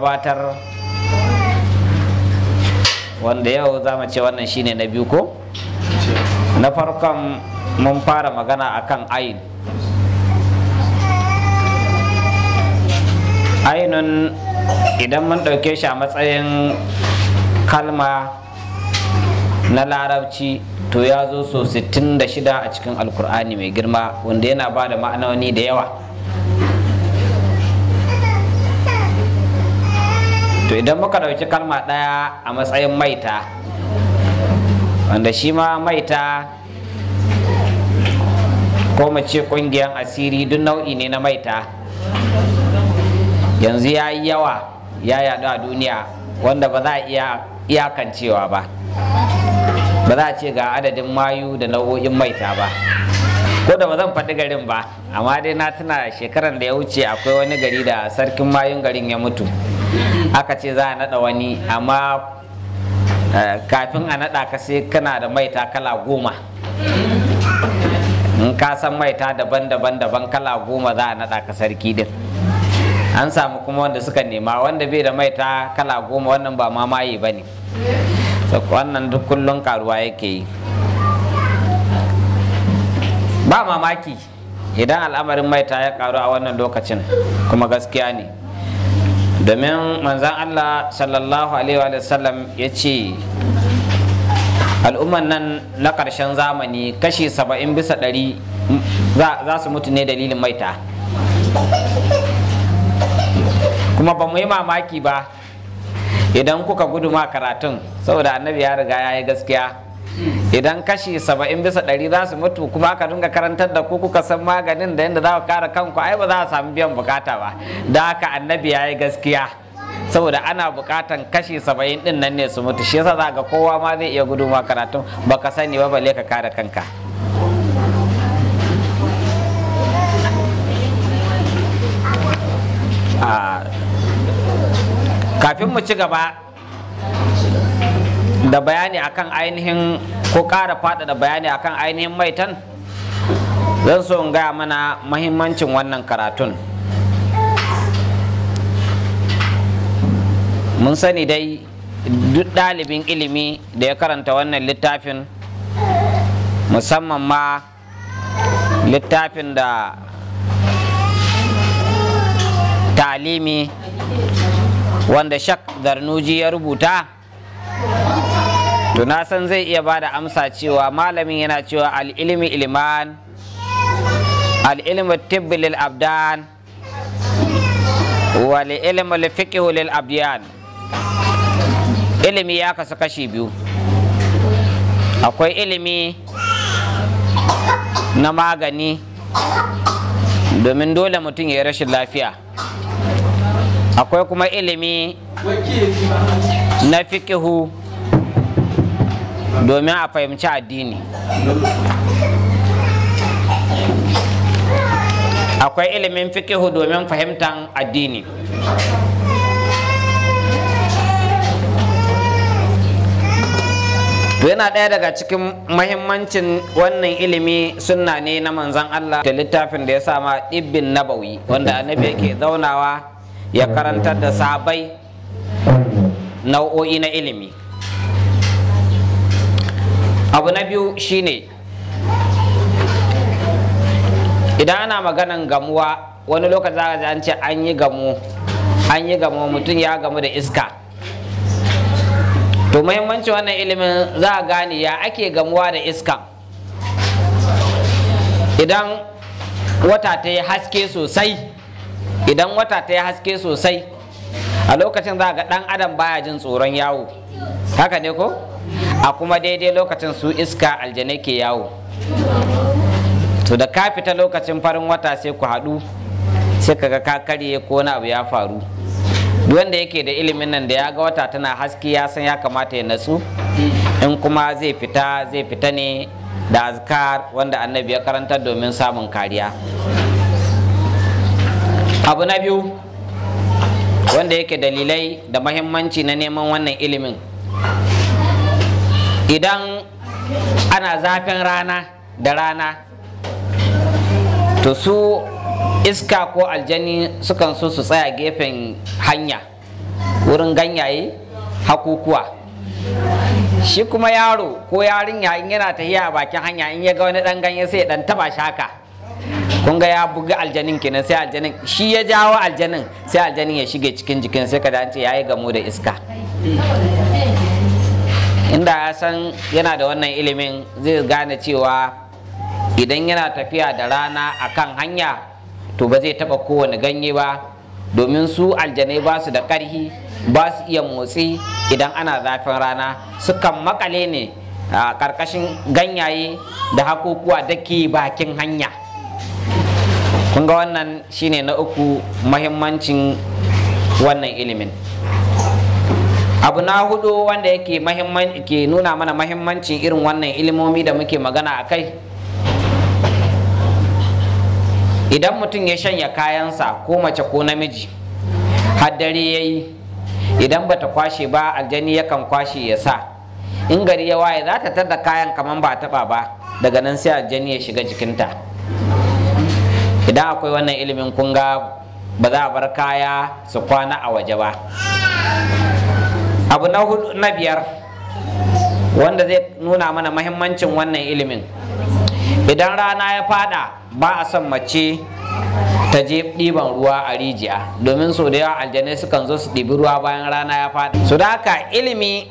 gabatar wanda yau za mu ce wannan shine na biyu ko na farkon mun fara magana akan ayin ainun idan mun ɗauke shi a matsayin kalma na larabci to ya zo so 66 a cikin alkur'ani mai girma wanda yana ba da ma'anoni da yawa to idan muka ɗauki kalma ɗaya a matsayin maita wanda shi ma maita ko mu ce ƙungiyar asiri duk nau'i ne na maita yanzu ya yi yawa ya yadu a duniya wanda ba za a iya iyakancewa ba ba za a ce ga adadin mayu da nau'o'in maita ba ko da ba zan faɗi garin ba amma dai na tuna shekarar da ya wuce akwai wani gari da sarkin mayun garin ya mutu aka ce za a naɗa wani amma eh, kafin a naɗa ka sai kana da maita kala goma in ka san maita daban-daban daban kala goma za a naɗa ka sarki din an samu kuma wanda suka nema wanda bai da maita kala goma wannan ba mamaye ba ne wannan duk kullum karuwa yake yi ba mamaki idan al'amarin maita ya karu a wannan lokacin kuma gaskiya ne domin manzan Allah sallallahu alaihi wa sallam ya ce al'umman nan na ƙarshen zamani kashi saba'in bisa ɗari za su mutu ne dalilin maita kuma ba mu yi mamaki ba idan kuka gudu ma karatun saboda annabi ya riga ya yi gaskiya idan kashi saba'in bisa ɗari za su mutu kuma ka dinga karantar da ku kuka san maganin da yadda za ku kare kanku ai ba za a samu biyan bukata ba da haka annabi ya yi gaskiya saboda ana bukatan kashi saba'in din nan ne su mutu shi yasa za ga kowa ma zai iya gudu ma karatun ka sani ba balle ka kare kanka ah, kafin mu ci gaba da bayani akan ainihin ko ƙara da bayani akan ainihin maitan zan so in gaya mana mahimmancin wannan karatun mun sani dai duk ɗalibin ilimi da ya karanta wannan littafin musamman ma littafin da talimi wanda shak zarnuji ya rubuta to na san zai iya bada amsa cewa malamin yana cewa al'ilmi ilman al'ilmi tibbi lil abdan wal ilmi lil fiqhu lil abdiyan ilimi ya kasu kashi biyu akwai ilimi na magani domin dole mutum ya yi rashin lafiya akwai kuma ilimi na fiƙihu. domin a fahimci addini akwai ilimin fikihu domin fahimtar addini yana ɗaya daga cikin mahimmancin wannan ilimi sunna ne na manzan Allah da littafin da ya sama ɗibbin nabawi wanda annabi yake zaunawa ya karantar da sabai nau'o'i na ilimi abu na biyu shine idan ana maganan gamuwa wani lokaci za ji an ce an yi gamu an yi gamu mutum ya gamu da iska to muhimmancin wannan ilimin za a gane ya ake gamuwa da iska idan wata ta yi haske sosai idan wata ta yi haske sosai a lokacin za ga dan adam baya jin tsoron yawo haka ne ko a kuma daidai lokacin su iska aljanai ke yawo to da ka fita lokacin farin wata sai ku haɗu sai kaga ka karye ko wani abu ya faru wanda yake da ilimin nan da ya ga wata tana haske ya san ya kamata ya natsu in kuma zai fita zai fita ne da azkar wanda annabi ya karanta domin samun kariya abu na biyu wanda yake dalilai da mahimmanci na neman wannan ilimin idan ana zafin rana da rana to su iska ko aljani sukan so su tsaya gefen hanya wurin ganyaye hakukuwa shi kuma yaro ko yarinya in yana tafiya a bakin hanya in ya ga wani dan ganye sai dan taba shaka kun ga ya buga aljanin kenan sai aljanin shi ya jawo aljanin sai aljanin ya shige cikin jikin sai ka dace ya yi gamo da iska inda ya san yana da wannan ilimin zai gane cewa idan yana tafiya da rana a kan hanya to ba zai taba kowane ganye ba domin su aljanai ba su da ƙarhi ba su iya motsi idan ana zafin rana sukan makale ne a ƙarƙashin ganyaye da hakokuwa da ke bakin hanya kun ga wannan shine na uku mahimmancin wannan ilimin abu na hudu wanda yake nuna mana mahimmancin irin wannan ilimomi da muke magana a kai idan mutum ya shanya kayansa ko mace ko namiji haddare ya yi idan bata kwashe ba aljani yakan kwashe ya sa in gari ya waye za ta tada kayan kamar ba taba ba daga nan sai aljani ya shiga jikinta idan akwai wannan ilimin kunga ba za a bar kaya su kwana a waje ba abu na biyar wanda zai nuna mana mahimmancin wannan ilimin idan rana ya fada ba a son mace ta je ɗiban ruwa a rijiya domin sau da yawa aljanai sukan zo su ɗibi ruwa bayan rana ya fada su da haka ilimi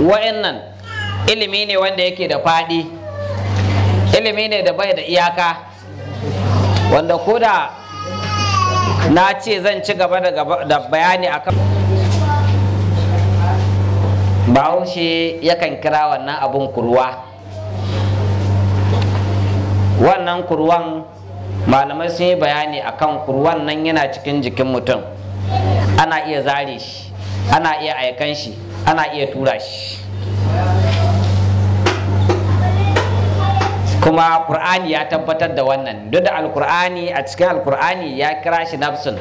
wa'annan ilimi ne wanda yake da faɗi ilimi ne da bai da iyaka wanda ko da na ce zan ci gaba da bayani akan bahaushe yakan kira wannan abun kurwa wannan kurwan malamai sun yi bayani akan kurwan nan yana cikin jikin mutum ana iya zare shi ana iya aikan shi ana iya tura shi kuma kur'ani ya tabbatar da wannan duk da alkur'ani a cikin alkur'ani ya kira shi nafsun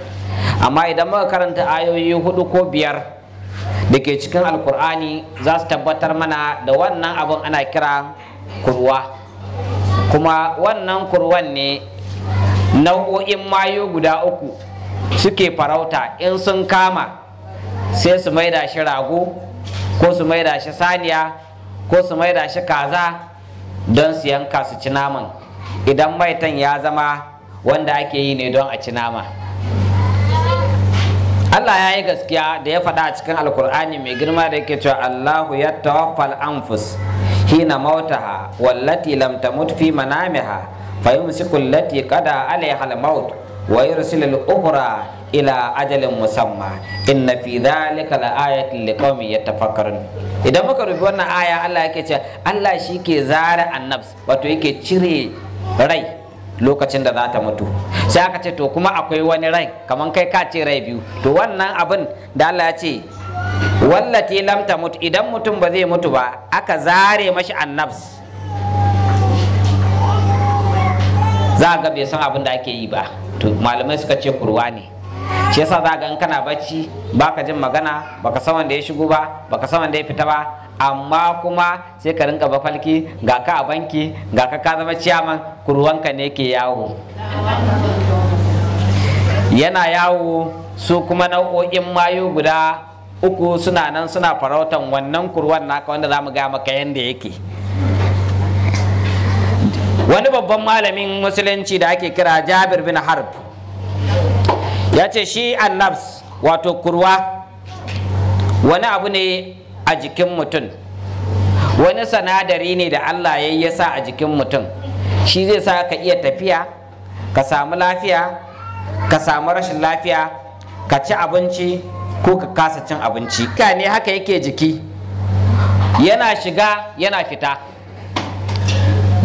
amma idan muka karanta ayoyi hudu ko biyar da ke cikin alkur'ani za su tabbatar mana da wannan abin ana kira kurwa kuma wannan kurwan ne nau'o'in mayo guda uku suke farauta in sun kama sai su maida shi rago ko su maida shi saniya ko su maida shi kaza don su yanka su ci naman idan maitan ya zama wanda ake yi ne don a ci nama Allah ya yi gaskiya da ya faɗa a cikin alkur'ani mai girma da yake cewa Allahu ya tawaffal anfus hina mautaha wallati lam tamut fi manamiha fa yumsiku allati qada alaiha al-maut wa yursilu al-ukhra ila ajalin musamma inna fi dhalika laayatin liqaumin yatafakkarun idan muka rubi wannan aya Allah yake cewa Allah shi ke zara annabs wato yake cire rai lokacin da za ta mutu sai aka ce to kuma akwai wani rai kamar kai ka ce rai biyu to wannan abin da Allah ya ce wallati lam mutu idan mutum ba zai mutu ba aka zare mashi annabs za ga bai san abin da ake yi ba to malamai suka ce kurwa ne shi yasa za ga in kana bacci baka jin magana baka san wanda ya shigo ba baka san wanda ya fita ba amma kuma sai ka rinka bafalki ga ka a banki ga ka ka zama ciyaman kurwanka ne ke yawo yana yawo su kuma nau'o'in mayu guda uku suna nan suna farautan wannan kurwan naka wanda za mu ga maka yanda yake wani babban malamin musulunci da ake kira jabir bin harb ya ce shi annabs wato kurwa wani abu ne a jikin mutum wani sanadari ne da allah ya yi sa a jikin mutum shi zai sa ka iya tafiya ka samu lafiya ka samu rashin lafiya ka ci abinci ko ka kasa cin abinci ka ne haka yake jiki yana shiga yana fita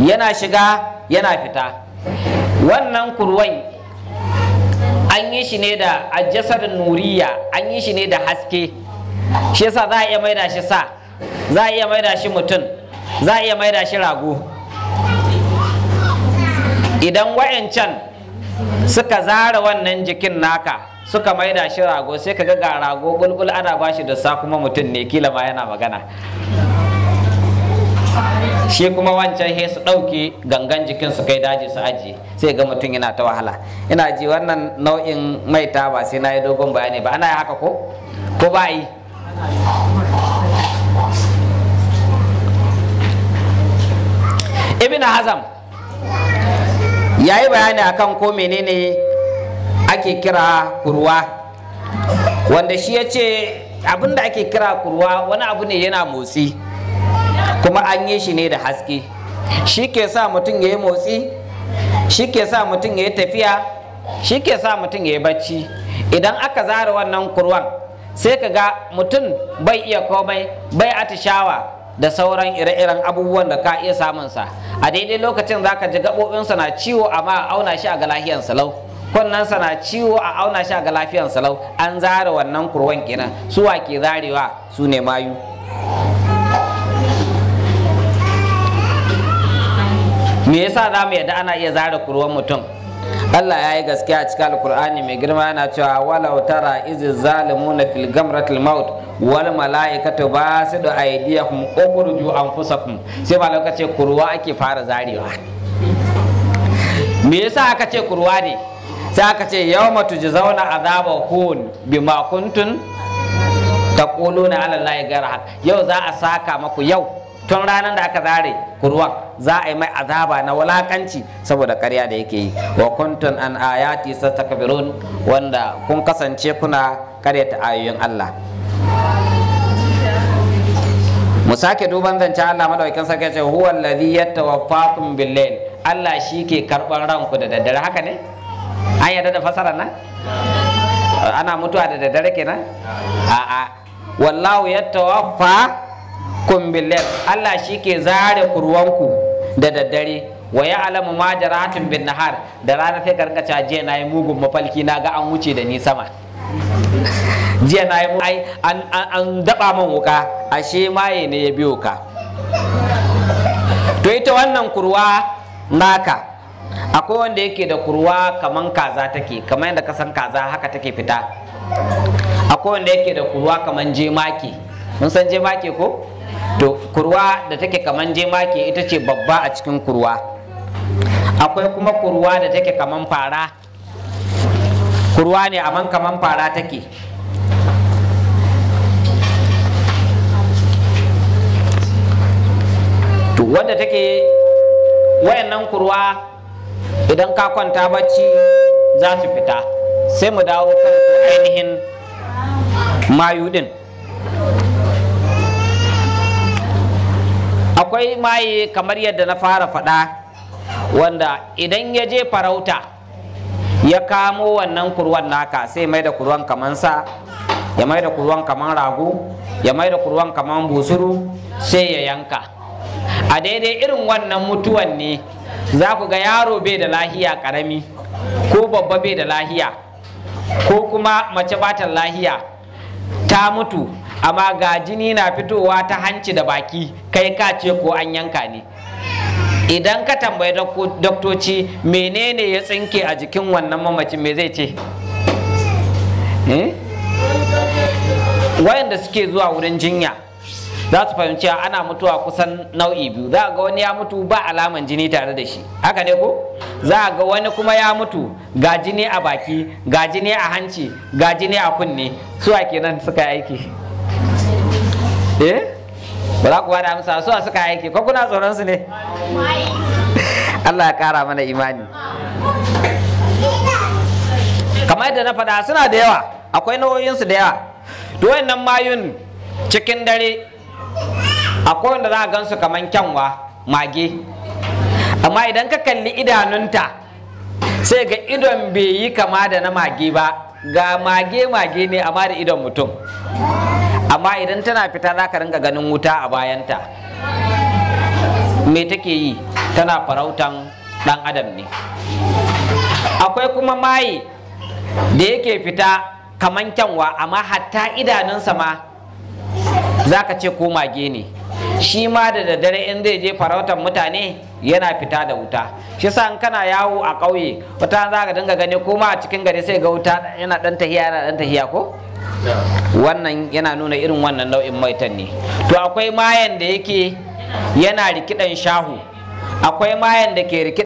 yana shiga yana fita wannan kurwan an yi shi ne da ajasar nuriya an yi shi ne da haske shi yasa za a iya maida shi sa za a iya maida shi mutum za a iya maida shi rago idan wa'ancan suka zara wannan jikin naka suka maida shi rago sai ka ga rago gulgul ana ba shi da sa kuma mutum ne kila ma yana magana shi kuma wancan he su ɗauke gangan jikin su kai daji su aji sai ga mutum yana ta wahala ina ji wannan nau'in maita ba sai na yi dogon bayani ba ana yi haka ko ko ba yi ibn hazam ya yi bayani akan ko menene ake kira kurwa wanda shi ya ce da ake kira kurwa wani abu ne yana motsi kuma an yi shi ne da haske shi ke sa mutum ya yi motsi shi ke sa mutum ya yi tafiya shi ke sa mutum ya yi bacci idan aka zara wannan kurwan sai ka ga mutum bai iya komai bai atishawa da sauran ire-iren abubuwan da ka iya samunsa a daidai lokacin za ka ji gaɓoɓinsa na ciwo amma a auna shi a ga lafiyan salau kunnensa na ciwo a auna shi a ga lafiyan salau an zara wannan kurwan kenan suwa ke zarewa su ne mayu me yasa za mu yadda ana iya zara kurwan mutum Allah ya yi gaskiya a cikin Alkur'ani mai girma yana cewa walau tara izi zalimuna fil gamratil maut wal malaikatu basidu aydiyakum ukhruju anfusakum sai malau lokaci kurwa ake fara zarewa me yasa aka ce kurwa ne sai aka ce yawma tujzauna azaba hun bima kuntum taquluna ala allahi ghayra yau za a saka maku yau tun ranar da aka zare kurwan za a yi mai azaba na walakanci saboda karya da yake yi wa kuntun an ayati sastakbirun wanda kun kasance kuna karyata ayoyin Allah mu sake duban zance Allah madawakin sarki ce huwa allazi yatawaffakum billail Allah ke karban ranku da daddare haka ne an yadda da fasara nan ana mutuwa da daddare kenan a'a wallahu yatawaffa kumbillet Allah shi ke zare kurwanku da daddare wa ya alamu ma jaratun bin nahar da rana sai karka jiya na yi mugun mafalki na ga an wuce da ni sama jiya na yi ai an daba man wuka ashe maye ne ya biyo ka to ita wannan kurwa naka akwai wanda yake da kurwa kaman kaza take kaman yadda ka san kaza haka take fita akwai wanda yake da kurwa kaman jemake mun san jemake ko kurwa da take kaman jemake ita ce babba a cikin kurwa akwai kuma kurwa da take kaman fara kurwa ne amma kaman fara take wadda take wayannan kurwa idan ka kwanta bacci za su fita sai mu dawo kan ainihin mayu din akwai maye kamar yadda na fara faɗa wanda idan ya je farauta ya kamo wannan kurwan naka sai mai da kurwan kaman sa ya mai da kurwan kaman rago ya mai da kurwan kaman busuru sai ya yanka a daidai irin wannan mutuwan ne za ku ga yaro bai da lahiya karami ko babba bai da lahiya ko kuma mace batan lahiya ta mutu amma ga jini na fitowa ta hanci da baki kai ka ce ko an yanka ne idan ka tambayi doktoci menene ya tsinke a jikin wannan mamacin me zai ce eh? wayanda suke zuwa wurin jinya za su fahimci ana mutuwa kusan nau'i biyu za a ga wani ya mutu ba alaman jini tare da shi haka ne ko za a ga wani kuma ya mutu ga jini a baki ga jini a hanci ga jini a kunne su suwa kenan suka yi aiki eh ba za ku ba da amsa su a suka aiki ko kuna tsoron su ne Allah ya kara mana imani kamar da na faɗa suna da yawa akwai nau'o'insu da yawa to wayannan mayun cikin dare akwai wanda za a su kamar kyanwa mage amma idan ka kalli idanunta sai ga idon bai yi kama da na mage ba ga mage mage ne amma da idon mutum amma idan tana fita za ka ringa ganin wuta a bayanta me take yi tana farautan ɗan adam ne akwai kuma maye da yake fita kaman kyanwa amma hatta idanunsa ma za ka ce ko mage ne shi ma da daddare in zai je farautan mutane yana fita da wuta shi sa in kana yawo a ƙauye wata za ka dinga gani ko ma a cikin gari sai ga wuta yana ɗan tahiya yana ɗan tahiya ko wannan yana nuna irin wannan nau'in maitan ne to akwai mayan da yake yana rikidan shahu akwai mayan da ke rikidan